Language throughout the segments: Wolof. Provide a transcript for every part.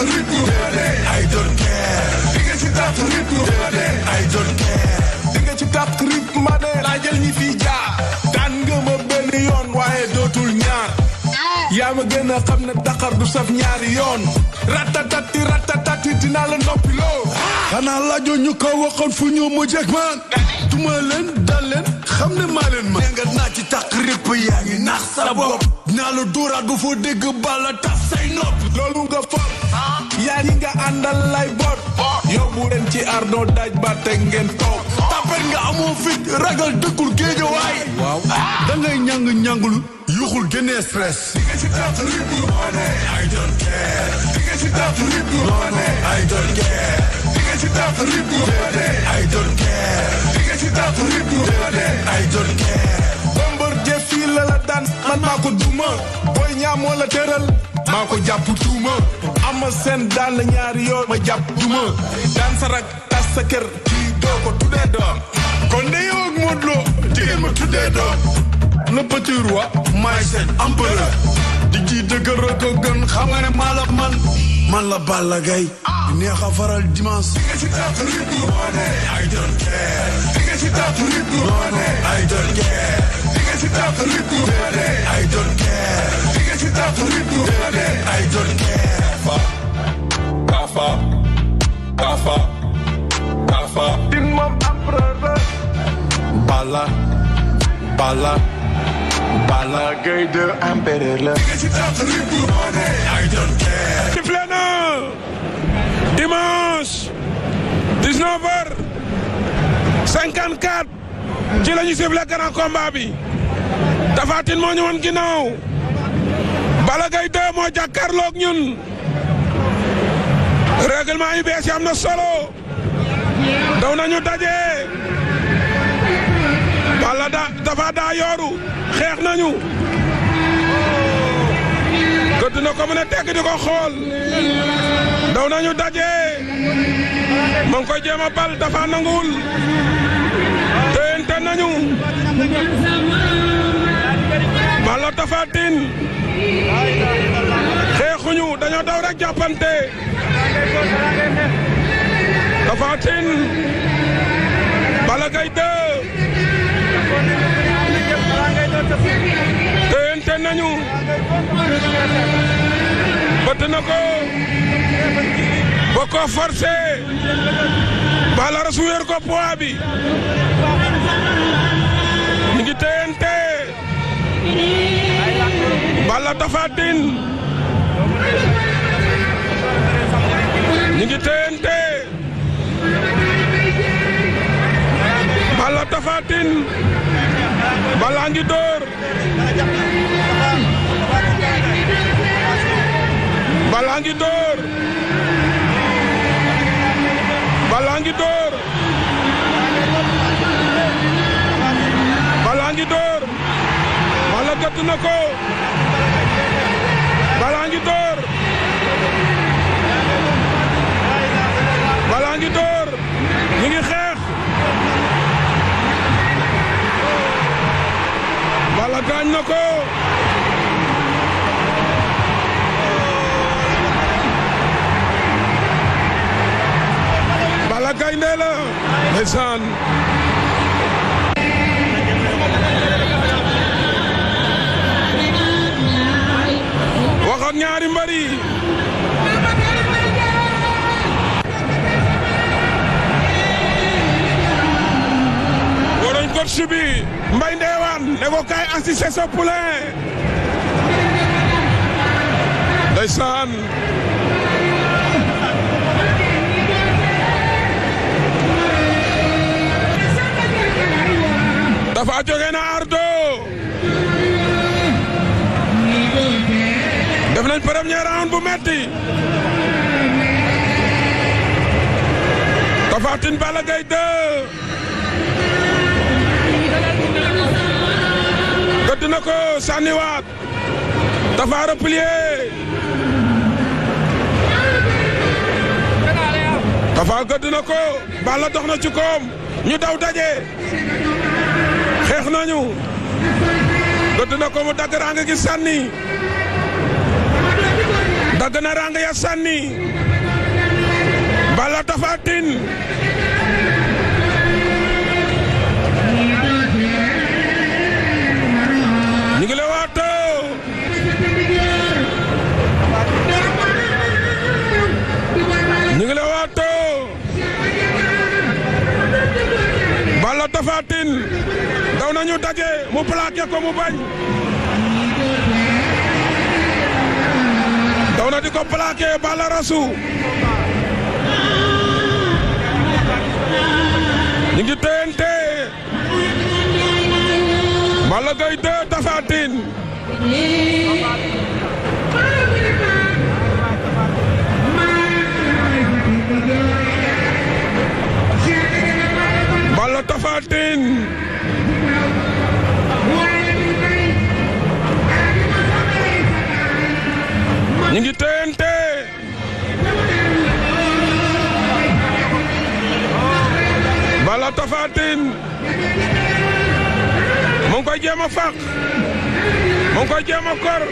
after rhythm. I don't care. Dinga ci after rhythm. I don't ci after rhythm ma ñi fi jaar. daan nga ma benn yoon waaye dootul ñaar. yaa ma gën a xam ne saf ñaari yoon. ratatati ratatati dinaa la noppi loo. xanaa laajoo ñu ko waxoon fu ñu mujj ak man. duma leen dal leen xam ma. nee nga naa ci takk rip yaa ngi nax sa daanu duuraat bu fu digg bala tas say nopp loolu nga fot yaa yi nga àndal lay bot yóbbu leen ci ardo daj ba te ngeen toog tapet nga amoo fit ragal dëkkul géej waay da ngay ñàng ñàngul yuxul génnee stress di nga ci tàpp rip bu wane care di nga ci tàpp rip bu wane care man maa ko duma booy ñaa moo la maa ko jàpp tuuma ama seen daan la ñaari yoon ma jàpp duma daan sa rak tas sa kër kii doo ko tuddee doom kon de yow ak Modou Lo jigéen ma tuddee seen empereur ci dëgër ko gën xam nga ne maa la man man la Balla Gaye neex a faral dimanche dinga ci taatu rit lu moo ne I don't care dinga ci taatu rit lu moo ne I don't care dinga ci taatu rit lu moo ne I don't care dinga ci taatu rit lu moo ne I don't care fa kafa kafa kafa din moom empereur Balla Balla Balla Gaye 2 impérateur la. sifflé na dimanche 19h54 ci la ñu sifflé grand combat bi moo ñu woon ginnaaw Balla Gaye 2 moo jàkkaarloog ñun règlement yu bees yi na solo daw nañu daje Balla da dafa daa xeex nañu gëdd na ko mu ne tegg di ko xool daw nañu daje ma koy jéem a bal dafa nanguwul téyente nañu Balla Tapha Tine xeexuñu dañoo daw rek jàppante Tapha Tine Balla Gaye nañu bëtt na ko ba ko forcé bala rasu wéer ko poids bi ñu ngi téyante bala Tapha Tine ñu ngi téyante Balla gaañ na ko Balla gaynde la ndeysaan wax ak ñaari mbër yi warañ coach bi mbay ne ko kaay assisté sa poulain ndeysaan dafa jóge na ardo def nañ premier round bu metti Tapha Tine Balla Gaye 2 bëtt na ko sànniwaat Tapha replié Tapha na ko Balla dox na ci koom ñu daw daje xeex nañu gëdd na ko mu dagg rang gi sànni dagg na rang ya sànni Balla Tapha Tine plaqué ko di ko plaqué Rasu. ñu ngi téyante. Balla Gaye 2 loxo Tapha Tine mu ngi koy a faq mu ngi koy a kor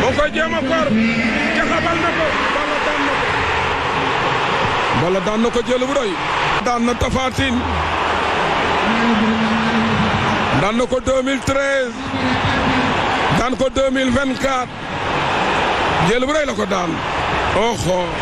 mu ngi koy na ko Balla daan na ko Balla daan na ko jël bu doy daan na Tapha Tine daan na ko 2013 daan bu doy la ko daan oxo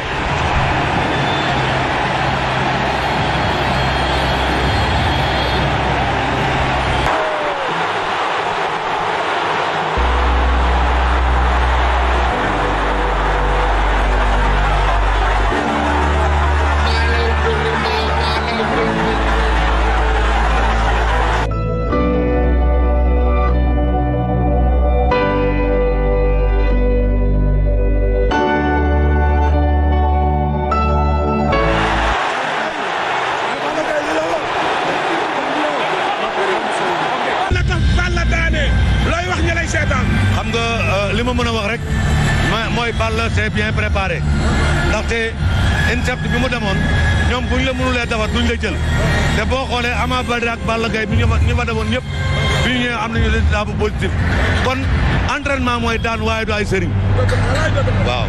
li ma mën a wax rek mooy Balla c'est bien préparé ndaxte intercept bi mu demoon ñoom bu ñu la mënulee defar duñ la jël te boo xoolee Ama Baldé ak Balla Gaye bi ñu fa demoon ñëpp bi ñu ñëwee am nañu résultat bu positif kon entraînement mooy daan waaye du ay sëriñ waaw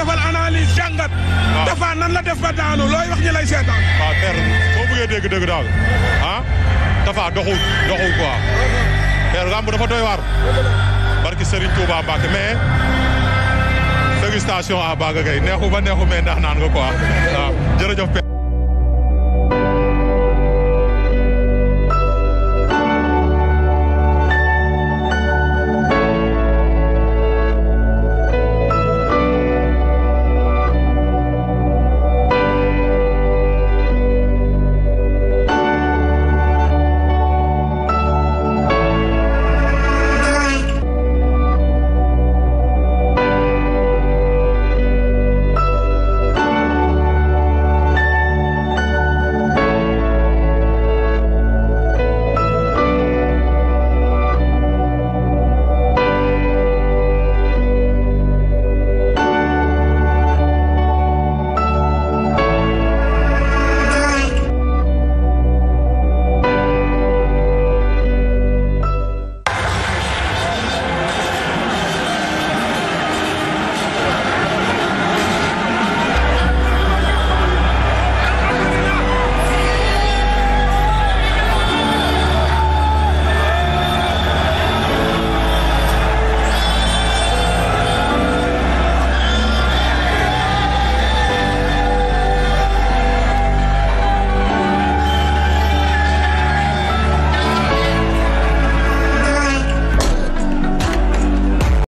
defal analyse jàngat dafa nan la def ba daanu looy wax ñi lay seetaan waaw ter boo bëggee dégg dégg daal ah dafa doxul mais làmb dafa doy waar barki Serigne Touba Mbacke mais dégustation à Balla Gaye neexu ba neexu mais ndax naan nga quoi waaw jërëjëf.